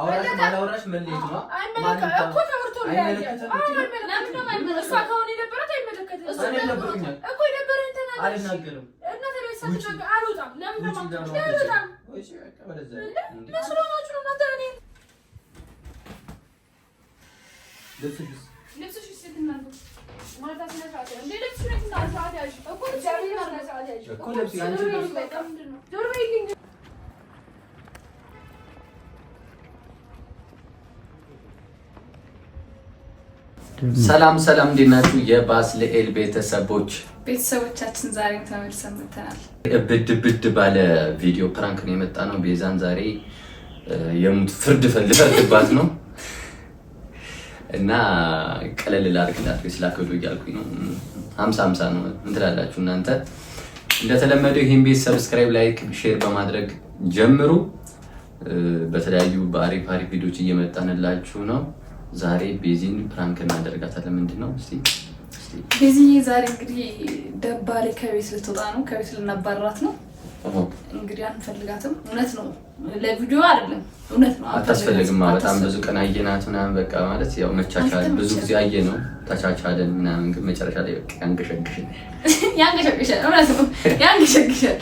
አውራሽ ማላውራሽ መለየት ነው። አይመለከትም እኮ ትምህርቱ ነው ያየ። አይመለከትም አይመለከትም። እሷ ከሆነ የነበረት አይመለከትም እኮ የነበረን ተናገር። አልወጣም። ለምን አልወጣም? ልብስ ሰላም ሰላም፣ እንዴት ናችሁ? የባስልኤል ቤተሰቦች ቤተሰቦቻችን ዛሬ ተመልሰን መጥተናል። ብድ ብድ ባለ ቪዲዮ ፕራንክ ነው የመጣ ነው። ቤዛን ዛሬ የሙት ፍርድ ፈልፈልግባት ነው እና ቀለል ላድርግላት ወይ ስላከዱ እያልኩኝ ነው። ሀምሳ ሀምሳ ነው እንትላላችሁ እናንተ። እንደተለመደው ይህን ቤት ሰብስክራይብ፣ ላይክ፣ ሼር በማድረግ ጀምሩ። በተለያዩ በአሪፍ አሪፍ ቪዲዮች እየመጣንላችሁ ነው። ዛሬ ቤዚን ፕራንክ እናደርጋታለን። ምንድን ነው እስኪ ቤዚዬ፣ ዛሬ እንግዲህ ደባሪ ከቤት ልትወጣ ነው። ከቤት ልናባራት ነው። እንግዲህ አንፈልጋትም። እውነት ነው፣ ለቪዲዮ አይደለም። እውነት ነው፣ አታስፈልግም። በጣም ብዙ ቀን አየናት ምናምን፣ በቃ ማለት ያው መቻቻል ብዙ ጊዜ አየ ነው ተቻቻለን ምናምን፣ ግን መጨረሻ ላይ በቃ ያንገሸግሸል፣ ያንገሸግሸል፣ እውነት ነው ያንገሸግሸል።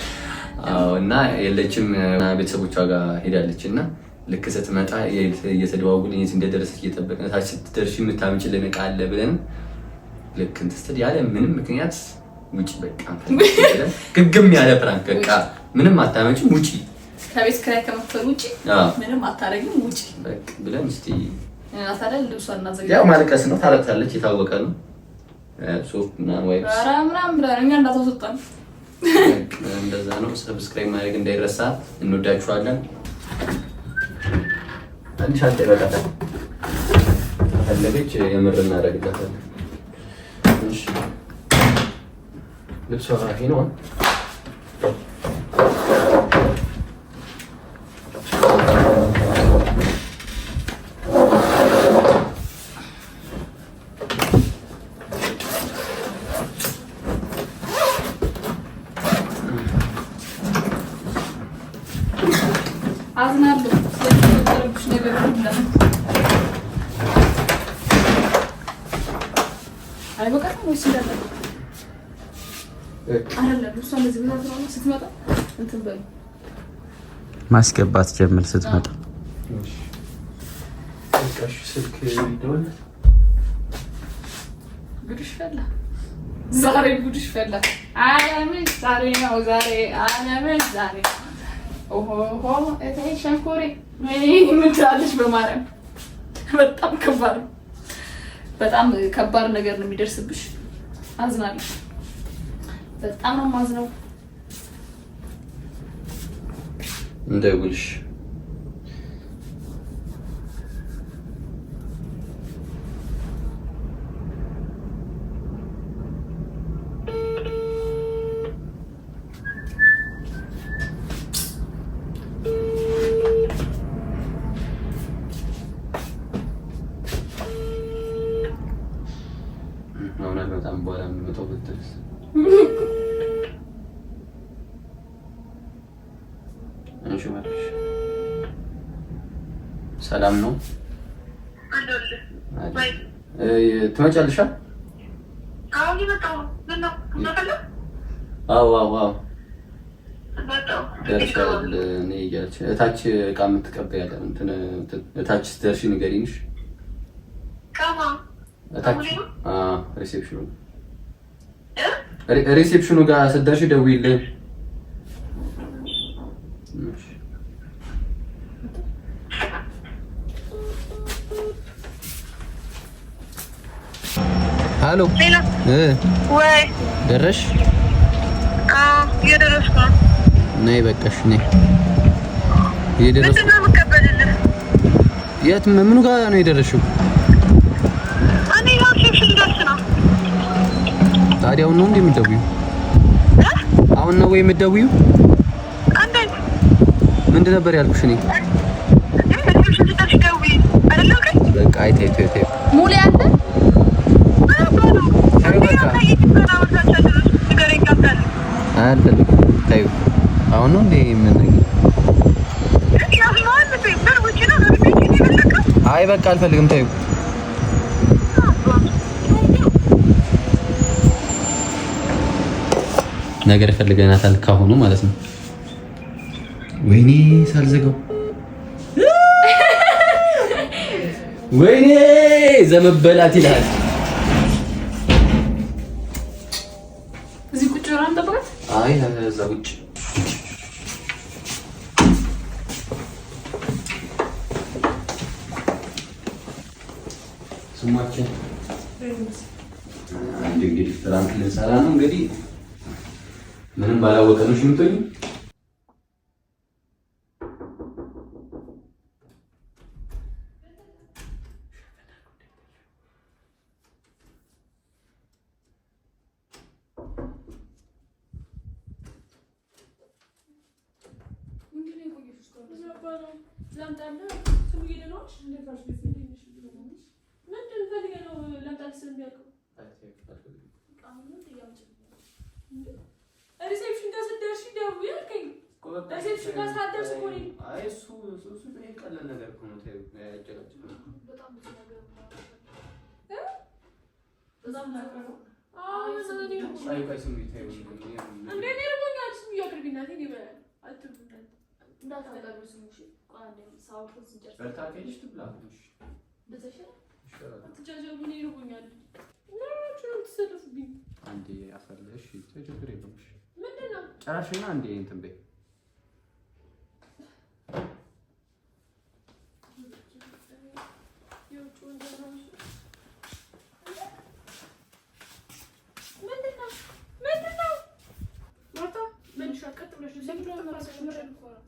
እና የለችም ቤተሰቦቿ ጋር ሄዳለች እና ልክ ስትመጣ እየተደዋወልን የት እንደደረሰች እየጠበቅን ታች ስትደርሺ የምታምጪልን ዕቃ አለ ብለን ልክ እንትን ስትል ያለ ምንም ምክንያት ውጭ በቃ ግግም ያለ ፕራንክ በቃ ምንም አታመጪም ውጪ ከቤት ኪራይ ከመክፈል ውጭ ምንም አታረግም ውጭ ብለን ስ ያው ማልቀስ ነው። ታለቅሳለች፣ የታወቀ ነው። ሶፍት ምናምን ወይ ምናምን ብላ እኛ እንዳታስወጣን እንደዛ ነው። ሰብስክራይብ ማድረግ እንዳይረሳ። እንወዳችኋለን። ትንሽ አንተ ይበቃታል። ከፈለገች የምር እናደርግላታለን። ልብሷ ራፊ ነው። ማስገባት ጀምር ስትመጣ ጉድሽ ፈላ። ዛሬ ጉድሽ ፈላ። አለምሽ ዛሬ ነው። ዛሬ አለምሽ ዛሬ ኦሆሆ እቴ ሸንኮሬ ምን ትላለች? በማርያም በጣም ከባድ ነው። በጣም ከባድ ነገር ነው የሚደርስብሽ። አዝናለሽ። በጣም ነው የማዝነው። Adeus. ሰላም ነው። ትመጫልሻ አዎ አዎ አዎ ደርሻል። እኔ እታች እቃ የምትቀበይ ያለ እታች ስትደርሺ ሪሴፕሽኑ ሪሴፕሽኑ ጋር ስትደርሺ ደውዪልኝ ሄሎ ወይ ደረሽ? እየደረስኩ ነው። ነይ በቃሽ፣ ነይ እየደረስኩ ነው። የት ምኑ ጋር ነው የደረሽው? እኔ ጋር ልደርስ ነው። ታዲያ አሁን ነው እንዴ የምትደውይው? አሁን ነው ወይ የምትደውይው? ምንድን ነበር ያልኩሽ እኔ በቃ አልፈልግም። ተይው። አሁን እንዴ ምን? አይ በቃ አልፈልግም። ተይው። ነገር ፈልገናታል ካሁኑ ማለት ነው። ወይኔ ሳልዘጋው ወይኔ ዘመበላት ይልሃል ውጭ ስማችን እንግዲህ ፍራንክ ልንሰራ ነው። እንግዲህ ምንም ባላወቀ ነው ሽምቶኝ jede Nacht in den Verschlüsselungen übernommen. Mit dem Verleger Landaxen Berg. ሪሴፕሽን ጋር ስትደርሺ ደውዪ አልከኝ። ሪሴፕሽን ጋር ሳትደርስ እኮ እኔ አይ እሱ እሱ እሱ ይሄ ቀላል ነገር እኮ ነው። ተይው ያጨናጭ በጣም ብዙ ነገር እ በጣም ነገር ነው። አዎ ዘመዴ አይ ቆይ ስሚ ተይው እንዴ እኔ እርቦኛል። ስሚ እያቅርቢናቴ ይበላል። አትብሉ እንዳታቀርቢ ስሙ እሺ ጨራሽና እንዴ እንትን በይ ምንድን ነው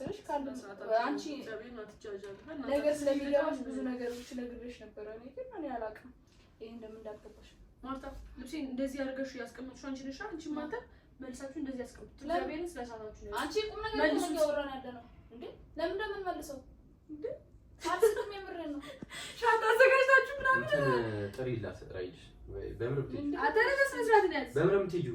ስልሽ አንቺ ነገር ስለሚገባሽ ብዙ ነገሮች ነግሬሽ ነበረ። እኔ ግን እኔ አላውቅም ይሄ እንደምን እንዳልገባሽ። ማርታ ልብሴ እንደዚህ አድርገሽ ያስቀምጥሽ አንቺ ነሽ። አንቺ ማታ መልሳችሁ እንደዚህ ያስቀምጡ። ለቤን ስለሳታችሁ ነው። አንቺ ቁም ነገር ነው እያወራን ያለ ነው እንዴ? ለምን እንደምን መልሰው እንዴ? ታስቅም የምር ነው። ሻንጣ አዘጋጅታችሁ ምናምን ጥሪ ላሰጥራይሽ በምንም ትሄጂው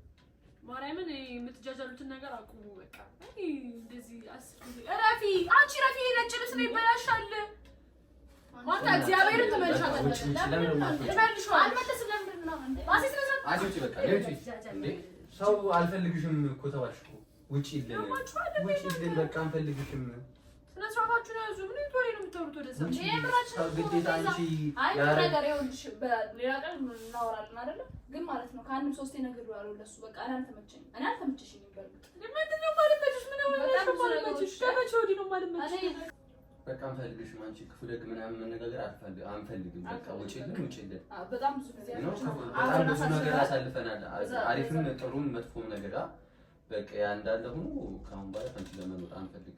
ማርያምን የምትጃጃሉትን ነገር አቁሙ። በቃ እንደዚህ ረፊ አንቺ ረፊ ነጭ ልብስ ነው ይበላሻል። ማታ እግዚአብሔርን ትመልሻለሽ። ሰው አልፈልግሽም እኮ ተባልሽ ውጭ ውጪ፣ በቃ አንፈልግሽም መስራታችሁን ያዙ። ምን ይቶሪ ነው ነገር ይኸውልሽ፣ በሌላ ቀን እናወራለን አይደለ? ግን ማለት ነው ከአንድም ሶስቴ ነገር ያለው ለሱ በቃ እኔ አልተመቸኝም፣ እኔ ምንድን ነው ምን ከመቼ ወዲህ ነው በቃ አንፈልግሽም። አንቺ ምናምን መነጋገር አንፈልግም። በቃ በጣም ብዙ ነገር አሳልፈናል። አሪፍም ጥሩም መጥፎም ነገር በቃ ያ እንዳለ ሆኖ ከአሁን በኋላ ከአንቺ ለመኖር አንፈልግም።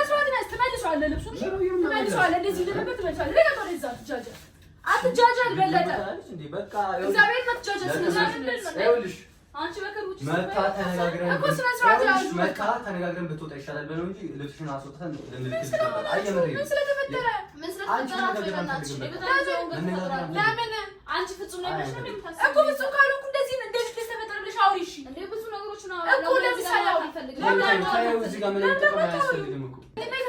ትመልሰዋለህ፣ ልብሱን ትመልሰዋለህ፣ እንደዚህ እንደነበር ትመልሰዋለህ። ለምን ወደ እዛ አትጃጃል፣ አትጃጃል። በለጠ እግዚአብሔር መትጃጃል። ይኸውልሽ አንቺ ተነጋግረን ብትወጣ ይሻላል ብለው እንጂ ልብስሽን አስወጥተን ለምልክት አየመሪ ምን ስለተፈጠረ ምን ስለተፈጠረ አንቺ ምን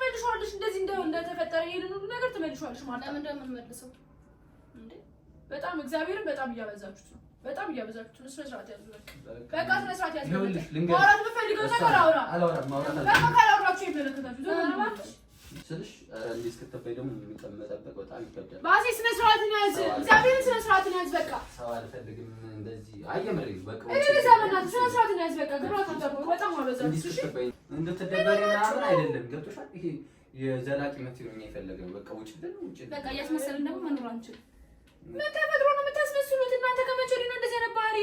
ትመልሺዋለሽ። እንደዚህ እንደተፈጠረ ይሄንን ሁሉ ነገር ትመልሺዋለሽ ማለት ነው። በጣም እግዚአብሔርን በጣም እያበዛችሁት ነው። በጣም እያበዛችሁት ነው። ስነ ስርዓት ያዙ። በቃ ስነ ስርዓት ያዙ። ማውራት የምፈልገው ነገር አውራ። በቃ ካላወራችሁ ይመለከታችሁ። ስልሽ እንዲህ እስክትበይ ደግሞ የሚቀመጠበት በጣም ይከብዳል። ባሴ ስነ ስርዓትን ያዝ፣ እግዚአብሔርን ስነ ስርዓትን ያዝ። በቃ ሰው አልፈልግም እንደዚህ አየምር በቃ እኔ ዘመናት ስነ ስርዓትን ያዝ። በቃ ግራ ታጠቁ በጣም አበዛ። እንድትበይ እንድትደበሪ ምናምን አይደለም ገብቶሻል። ይሄ የዘላቂ መፍትሄ ነው የፈለገው። በቃ ውጭ ልን ውጭ በቃ እያስመሰልን ደግሞ መኖር አንችል። ተፈጥሮ ነው የምታስመስሉት እናንተ። ከመቼ ወዲህ ነው እንደዚህ አይነት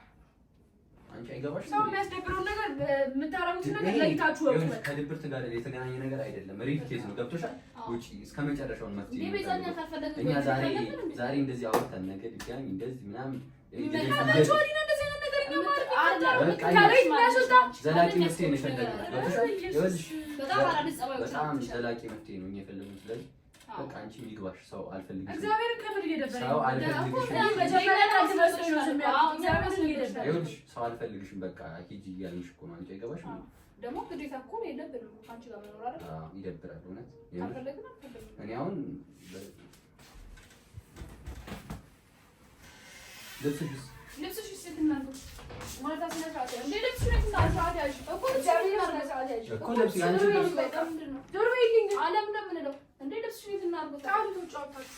አንቺ አይገባሽ። ሰው ነገር የምታረሙት ነገር ለይታችሁ ወቁ። ከድብርት ጋር የተገናኘ ነገር አይደለም። ሪል ኬዝ ነው። ገብቶሻል? ውጪ እስከ መጨረሻውን እኛ ዛሬ ዛሬ እንደዚህ አውርተን ነገ ድጋሚ እንደዚህ ምናምን ዘላቂ መፍትሄ በጣም ዘላቂ መፍትሄ ነው እኛ ስለዚህ በቃ አንቺ ይግባሽ። ሰው አልፈልግም፣ ሰው አልፈልግም ይኸውልሽ ሰው አልፈልግሽም በቃ ሂጂ እያለሽ እኮ ነው። አንቺ አይገባሽ ደግሞ ግዴታ እኮ የለብንም ከአንቺ ጋር መኖር አይደል? ይደብራል። እውነት እኔ አሁን ልብስሽስ ልብስሽስ ስትናንዱ ማታ ስነ ስርዓት እንደ ልብስ ስነ ስርዓት ያዥ እኮ ልብስ ስነ ስርዓት ያዥ እኮ ልብስ ያንቺ ልብስ ይልኝ አለም ነው ምንለው እንደ ልብስሽን የትናርጉት ጣሉ ተጫወታችሁ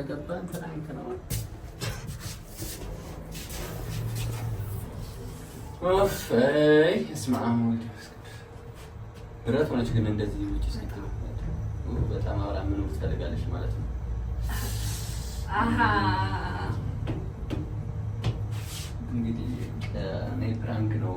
እንደገባን ፍራንክ ነው። ኦፈይ እስማ አሙድ ብረት ሆነች ግን እንደዚህ ውጭ ስልክ ነው በጣም አብራ ምን ትፈልጋለች ማለት ነው። አሃ እንግዲህ እኔ ፕራንክ ነው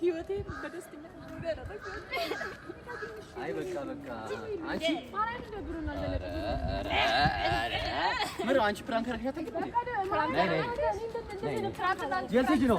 ህይወቴ አይ በቃ በቃ አንቺ ፕራንክ አደረግሻት? ነው?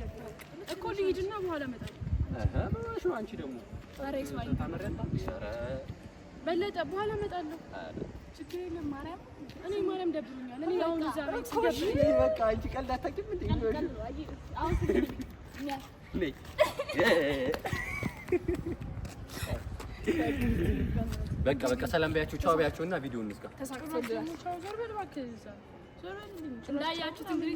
እኮ ልሂድና በኋላ እመጣለሁ። አንቺ ደግሞ በለጠ በኋላ እመጣለሁ። ችግር የለም። ማርያም እኔ ማርያም ደብሮኛል። እኔ አሁን እዛ ቤት በቃ አንቺ ቀልድ አታውቂም እንዴ? በቃ በቃ ሰላም በያችሁ፣ ቻው በያችሁ እና ቪዲዮ እንዝጋ። እንዳያችሁት እንግዲህ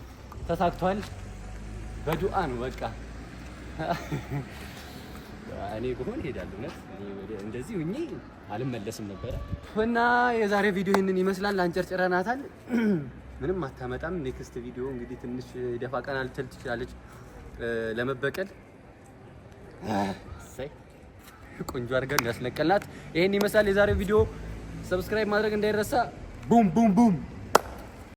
ተሳክቷል። በዱአ ነው በቃ። እኔ ብሆን እሄዳለሁ። እውነት እንደዚህ ሁኜ አልመለስም ነበረ። እና የዛሬ ቪዲዮ ይህንን ይመስላል። አንጨርጭረናታል። ምንም አታመጣም። ኔክስት ቪዲዮ እንግዲህ ትንሽ ደፋ ቀና ልትል ትችላለች ለመበቀል ቆንጆ አድርገን ያስለቀልናት። ይሄን ይመስላል የዛሬ ቪዲዮ። ሰብስክራይብ ማድረግ እንዳይረሳ። ቡም ቡም ቡም